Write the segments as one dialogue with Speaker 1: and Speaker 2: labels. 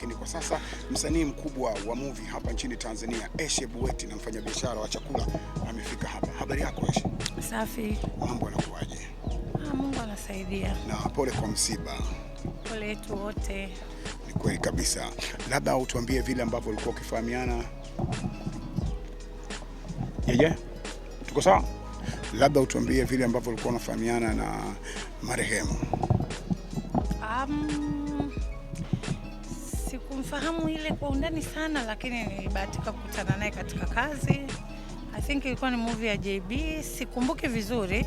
Speaker 1: Lakini kwa sasa msanii mkubwa wa movie hapa nchini Tanzania Eshe Buweti na mfanyabiashara wa chakula amefika hapa. Habari yako Eshe? Safi. Mambo yanakuaje?
Speaker 2: Ah, Mungu anasaidia.
Speaker 1: Na pole kwa msiba.
Speaker 2: Pole yetu wote.
Speaker 1: Ni kweli kabisa. Labda utuambie vile ambavyo ulikuwa ukifahamiana. Yeye? Tuko sawa? Labda utuambie vile ambavyo ulikuwa unafahamiana na marehemu.
Speaker 2: Um kumfahamu ile kwa undani sana, lakini nilibahatika kukutana naye katika kazi. I think ilikuwa ni movie ya JB, sikumbuki vizuri,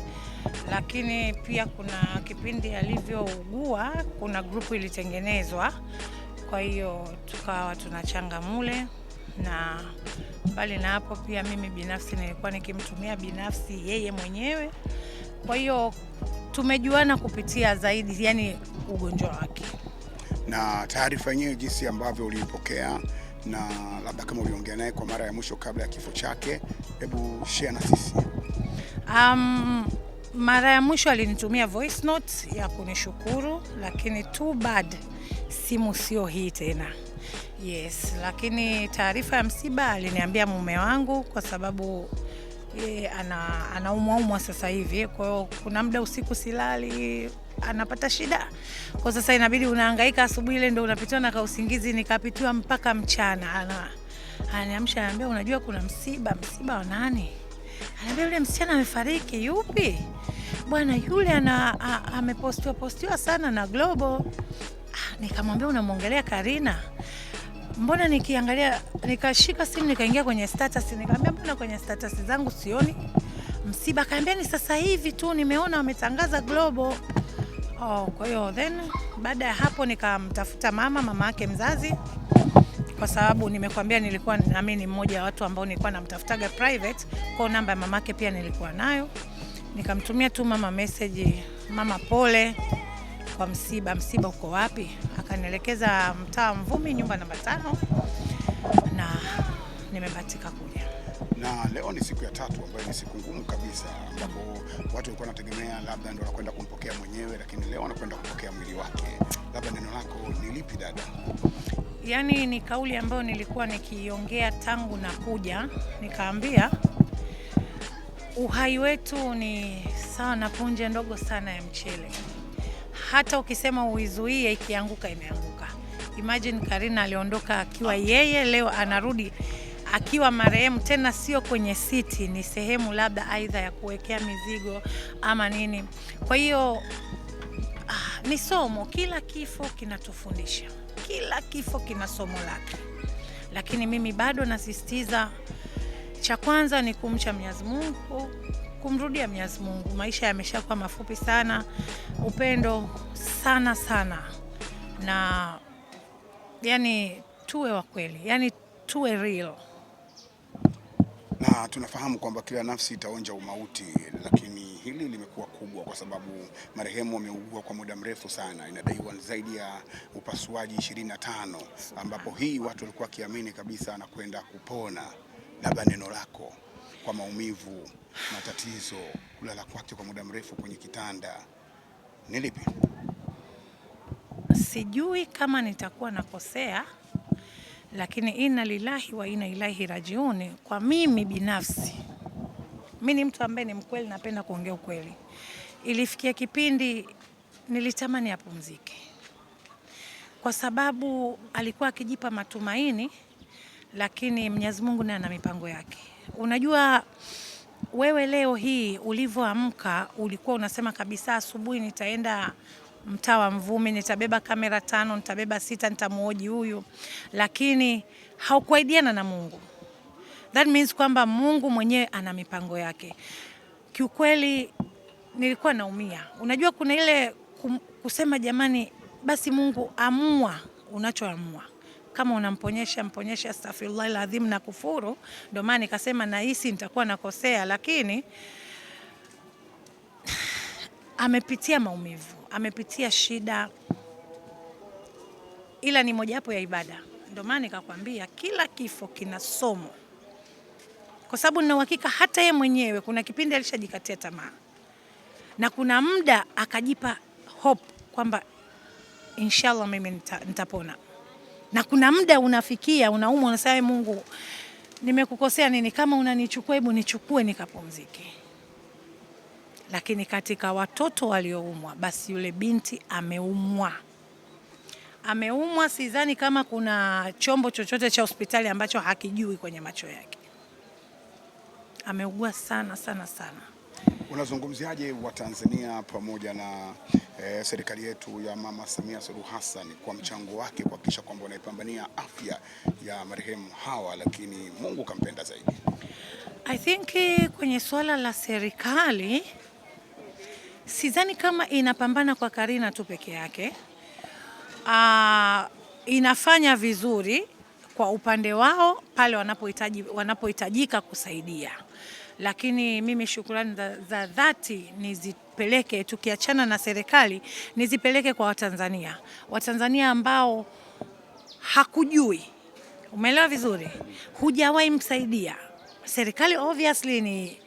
Speaker 2: lakini pia kuna kipindi alivyougua, kuna grupu ilitengenezwa, kwa hiyo tukawa tunachanga mule na mbali na hapo pia mimi binafsi nilikuwa nikimtumia binafsi yeye mwenyewe, kwa hiyo tumejuana kupitia zaidi, yani ugonjwa wake
Speaker 1: na taarifa yenyewe jinsi ambavyo uliipokea na labda kama uliongea naye kwa mara ya mwisho kabla ya kifo chake, hebu share na sisi.
Speaker 2: Um, mara ya mwisho alinitumia voice note ya kunishukuru, lakini too bad simu sio hii tena. Yes, lakini taarifa ya msiba aliniambia mume wangu kwa sababu anaumwaumwa ana anaumwaumwa sasa hivi, kwa hiyo kuna muda usiku silali anapata shida. Kwa sasa inabidi unahangaika, asubuhi ile ndio unapitiwa na kausingizi, nikapitiwa mpaka mchana. Ana aniamsha anambia, unajua kuna msiba. Msiba wa nani? Anambia yule msichana amefariki. Yupi? Bwana yule ana amepostiwa postiwa sana na Global. Ah, nikamwambia unamwongelea Karina mbona nikiangalia, nikashika simu nikaingia kwenye status, nikamwambia mbona kwenye status zangu sioni msiba? Kaambia ni sasa hivi tu nimeona wametangaza Global. Oh, kwa hiyo then baada ya hapo nikamtafuta mama mama yake mzazi, kwa sababu nimekwambia nilikuwa nami ni mmoja wa watu ambao nilikuwa namtafutaga private, kwa namba ya mamake pia nilikuwa nayo. Nikamtumia tu mama message, mama pole kwa msiba, msiba uko wapi? Akanielekeza mtaa Mvumi, nyumba namba tano, na nimebahatika kuja
Speaker 1: na leo ni siku ya tatu ambayo ni siku ngumu kabisa, ambapo watu walikuwa wanategemea labda ndo wanakwenda kumpokea mwenyewe, lakini leo wanakwenda kupokea mwili wake. Labda neno lako ni lipi dada?
Speaker 2: Yaani ni kauli ambayo nilikuwa nikiiongea tangu na kuja, nikaambia uhai wetu ni sawa na punje ndogo sana ya mchele, hata ukisema uizuie, ikianguka imeanguka. Imagine Karina aliondoka akiwa yeye, leo anarudi akiwa marehemu, tena sio kwenye siti, ni sehemu labda aidha ya kuwekea mizigo ama nini. Kwa hiyo ah, ni somo. Kila kifo kinatufundisha, kila kifo kina somo lake, lakini mimi bado nasisitiza, cha kwanza ni kumcha Mwenyezi Mungu, kumrudia Mwenyezi Mungu. Maisha yameshakuwa mafupi sana, upendo sana sana, na yani tuwe wa kweli, yani tuwe real
Speaker 1: na tunafahamu kwamba kila nafsi itaonja umauti, lakini hili limekuwa kubwa kwa sababu marehemu ameugua kwa muda mrefu sana, inadaiwa zaidi ya upasuaji 25 ambapo hii watu walikuwa wakiamini kabisa anakwenda kupona. Labda neno lako kwa maumivu, matatizo, kulala kwake kwa muda mrefu kwenye kitanda ni lipi?
Speaker 2: Sijui kama nitakuwa nakosea lakini inna lillahi wa inna ilaihi rajiuni. Kwa mimi binafsi, mi ni mtu ambaye ni mkweli, napenda kuongea ukweli. Ilifikia kipindi nilitamani apumzike, kwa sababu alikuwa akijipa matumaini, lakini Mwenyezi Mungu naye ana mipango yake. Unajua wewe leo hii ulivyoamka ulikuwa unasema kabisa, asubuhi nitaenda mtaa wa Mvumi, nitabeba kamera tano, nitabeba sita, nitamuoji huyu, lakini haukuaidiana na Mungu. That means kwamba Mungu mwenyewe ana mipango yake. Kiukweli nilikuwa naumia, unajua kuna ile kusema jamani, basi Mungu amua unachoamua kama unamponyesha mponyesha, astaghfirullah aladhim na kufuru. Ndio maana nikasema nahisi nitakuwa nakosea, lakini amepitia maumivu amepitia shida, ila ni mojawapo ya ibada. Ndio maana nikakwambia kila kifo kina somo, kwa sababu nina uhakika hata yeye mwenyewe kuna kipindi alishajikatia tamaa na kuna muda akajipa hope kwamba inshallah mimi nita, nitapona na kuna muda unafikia unaumwa, unasema Mungu, nimekukosea nini? Kama unanichukua hebu nichukue nikapumzike lakini katika watoto walioumwa, basi yule binti ameumwa ameumwa. Sidhani kama kuna chombo chochote cha hospitali ambacho hakijui kwenye macho yake. Ameugua sana sana sana.
Speaker 1: Unazungumziaje Watanzania pamoja na eh, serikali yetu ya Mama Samia Suluhu Hassan kwa mchango wake kuhakikisha kwamba wanaipambania afya ya marehemu Hawa, lakini Mungu kampenda zaidi?
Speaker 2: I think kwenye suala la serikali sidhani kama inapambana kwa Karina tu peke yake. Aa, ah, inafanya vizuri kwa upande wao pale wanapohitaji wanapohitajika kusaidia, lakini mimi shukrani za dhati nizipeleke, tukiachana na serikali, nizipeleke kwa Watanzania, Watanzania ambao hakujui, umeelewa vizuri, hujawahi msaidia serikali obviously ni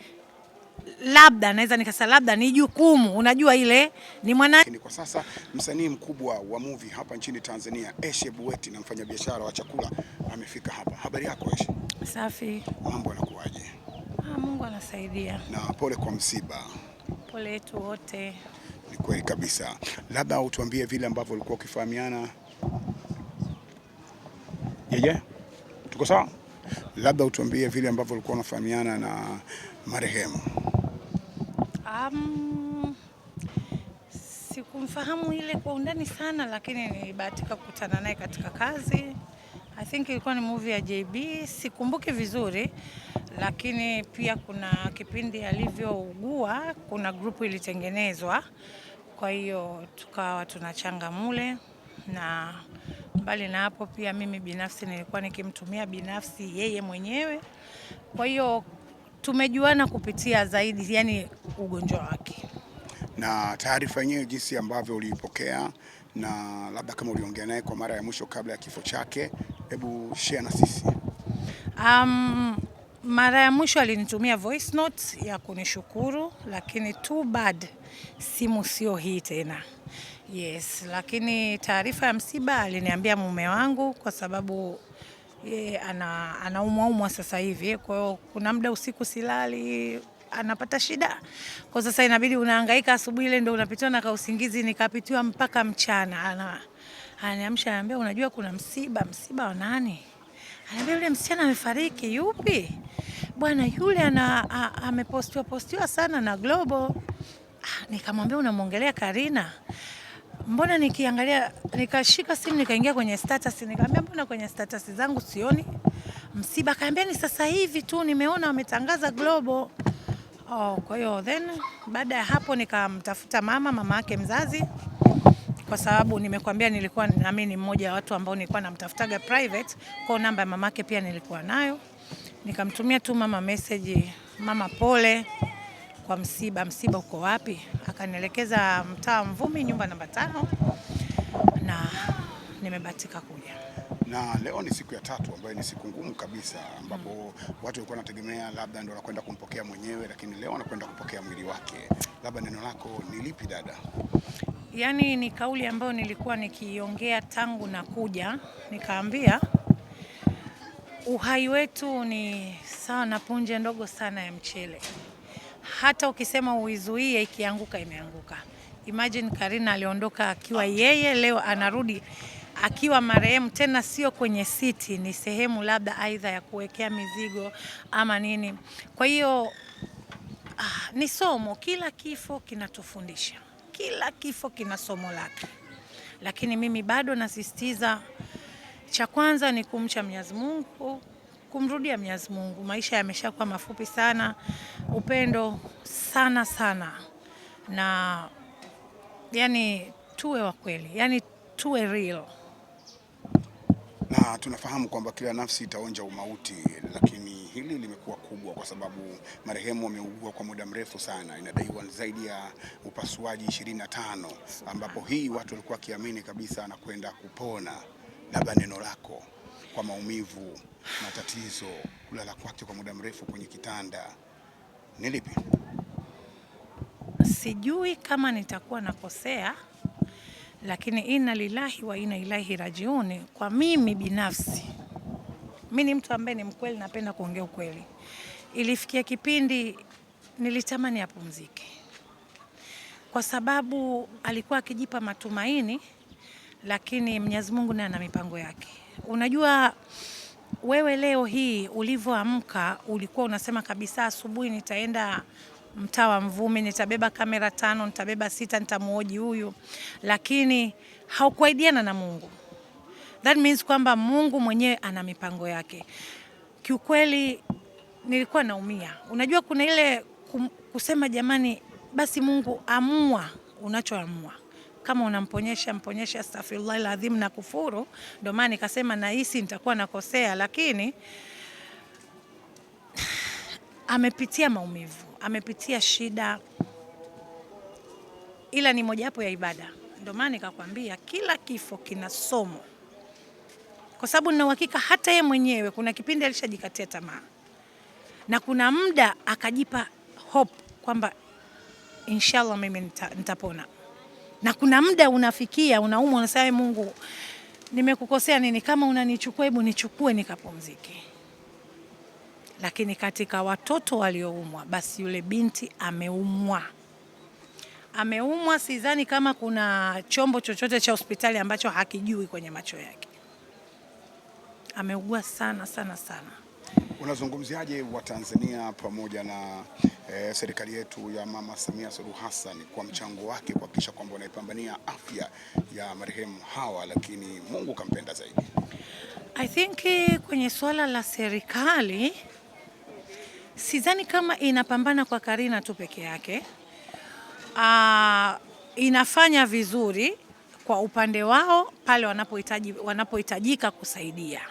Speaker 2: labda naweza nikasa, labda ni jukumu, unajua ile ni mwana.
Speaker 1: Kwa sasa msanii mkubwa wa movie hapa nchini Tanzania Eshe Buweti na mfanyabiashara wa chakula amefika hapa. Habari yako Eshe? Safi. Mambo yanakuaje?
Speaker 2: Ah, Mungu anasaidia.
Speaker 1: Na pole kwa msiba.
Speaker 2: Pole yetu wote.
Speaker 1: Ni kweli kabisa. Labda utuambie vile ambavyo ulikuwa ukifahamiana Yeje? Tuko sawa? Labda utuambie vile ambavyo ulikuwa unafahamiana na marehemu.
Speaker 2: Um, sikumfahamu ile kwa undani sana, lakini nilibahatika kukutana naye katika kazi. I think ilikuwa ni movie ya JB, sikumbuki vizuri, lakini pia kuna kipindi alivyougua, kuna grupu ilitengenezwa, kwa hiyo tukawa tunachanga mule na mbali na hapo pia mimi binafsi nilikuwa nikimtumia binafsi yeye mwenyewe. Kwa hiyo tumejuana kupitia zaidi, yani ugonjwa wake
Speaker 1: na taarifa yenyewe jinsi ambavyo uliipokea, na labda kama uliongea naye kwa mara ya mwisho kabla ya kifo chake, hebu share na sisi.
Speaker 2: Um, mara ya mwisho alinitumia voice note ya kunishukuru, lakini too bad simu sio hii tena. Yes, lakini taarifa ya msiba aliniambia mume wangu, kwa sababu yeye ana anaumwaumwa sasa hivi, kwa hiyo kuna muda usiku silali anapata shida kwa sasa, inabidi unahangaika. Asubuhi ile ndio unapitiwa na kausingizi, nikapitiwa mpaka mchana. Ana aniamsha anambia, unajua kuna msiba. Msiba wa nani? Anambia yule msichana amefariki. Yupi bwana yule? Ana amepostiwa postiwa sana na Global. Ah, nikamwambia unamwongelea Karina? mbona nikiangalia, nikashika simu nikaingia kwenye status, nikaambia mbona kwenye status zangu sioni msiba? Kaambia ni sasa hivi tu nimeona wametangaza global. Oh, kwa hiyo then baada ya hapo nikamtafuta mama mama yake mzazi, kwa sababu nimekwambia nilikuwa na mimi ni mmoja wa watu ambao nilikuwa namtafutaga private, kwa namba ya mamake pia nilikuwa nayo, nikamtumia tu mama message, mama pole kwa msiba, msiba uko wapi? Akanielekeza mtaa Mvumi, nyumba namba tano, na nimebahatika kuja.
Speaker 1: Na leo ni siku ya tatu ambayo ni siku ngumu kabisa, ambapo mm. watu walikuwa wanategemea labda ndo wanakwenda kumpokea mwenyewe, lakini leo wanakwenda kupokea mwili wake. Labda neno lako ni lipi dada?
Speaker 2: Yaani ni kauli ambayo nilikuwa nikiongea tangu na kuja, nikaambia uhai wetu ni sawa na punje ndogo sana ya mchele hata ukisema uizuie, ikianguka imeanguka. Imagine Karina aliondoka akiwa yeye, leo anarudi akiwa marehemu, tena sio kwenye siti, ni sehemu labda aidha ya kuwekea mizigo ama nini. Kwa hiyo ah, ni somo. Kila kifo kinatufundisha, kila kifo kina somo lake, lakini mimi bado nasisitiza, cha kwanza ni kumcha Mwenyezi Mungu kumrudia Mwenyezi Mungu. Maisha yameshakuwa mafupi sana, upendo sana sana, na yani tuwe wa kweli, yani tuwe real.
Speaker 1: Na tunafahamu kwamba kila nafsi itaonja umauti, lakini hili limekuwa kubwa kwa sababu marehemu ameugua kwa muda mrefu sana, inadaiwa zaidi ya upasuaji 25 ambapo hii watu walikuwa wakiamini kabisa anakwenda kupona. Labda neno lako kwa maumivu, matatizo, kulala kwake kwa muda mrefu kwenye kitanda ni lipi?
Speaker 2: Sijui kama nitakuwa nakosea, lakini inna lillahi wa inna ilaihi rajiuni. Kwa mimi binafsi, mi ni mtu ambaye ni mkweli, napenda kuongea ukweli. Ilifikia kipindi nilitamani apumzike, kwa sababu alikuwa akijipa matumaini, lakini Mwenyezi Mungu naye ana mipango yake. Unajua wewe leo hii ulivyoamka ulikuwa unasema kabisa, asubuhi nitaenda mtaa wa mvumi nitabeba kamera tano, nitabeba sita, nitamuoji huyu, lakini haukuaidiana na Mungu. That means kwamba Mungu mwenyewe ana mipango yake. Kiukweli nilikuwa naumia. Unajua kuna ile kusema jamani, basi Mungu amua unachoamua kama unamponyesha mponyesha, astaghfirullah aladhim na kufuru. Ndio maana nikasema nahisi nitakuwa nakosea, lakini amepitia maumivu, amepitia shida, ila ni mojawapo ya ibada. Ndio maana nikakwambia kila kifo kina somo, kwa sababu nina uhakika hata yeye mwenyewe kuna kipindi alishajikatia tamaa na kuna muda akajipa hope kwamba inshallah mimi nitapona na kuna muda unafikia unaumwa, unasema Mungu, nimekukosea nini? Kama unanichukua hebu nichukue nikapumzike. Lakini katika watoto walioumwa, basi yule binti ameumwa, ameumwa. Sidhani kama kuna chombo chochote cha hospitali ambacho hakijui kwenye macho yake. Ameugua sana sana sana.
Speaker 1: Unazungumziaje wa Tanzania pamoja na eh, serikali yetu ya Mama Samia Suluhu Hassan kwa mchango wake kuhakikisha kwamba unaipambania afya ya marehemu Hawa, lakini Mungu kampenda zaidi?
Speaker 2: I think eh, kwenye suala la serikali sidhani kama inapambana kwa Karina tu peke yake. Uh, inafanya vizuri kwa upande wao pale wanapohitaji wanapohitajika kusaidia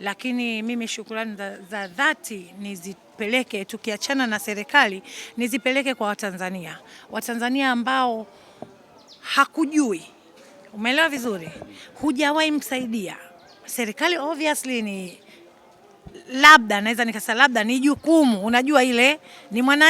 Speaker 2: lakini mimi shukrani za dhati nizipeleke, tukiachana na serikali, nizipeleke kwa Watanzania, Watanzania ambao hakujui, umeelewa vizuri, hujawahi msaidia serikali. Obviously ni labda naweza nikasema labda ni jukumu, unajua ile ni mwana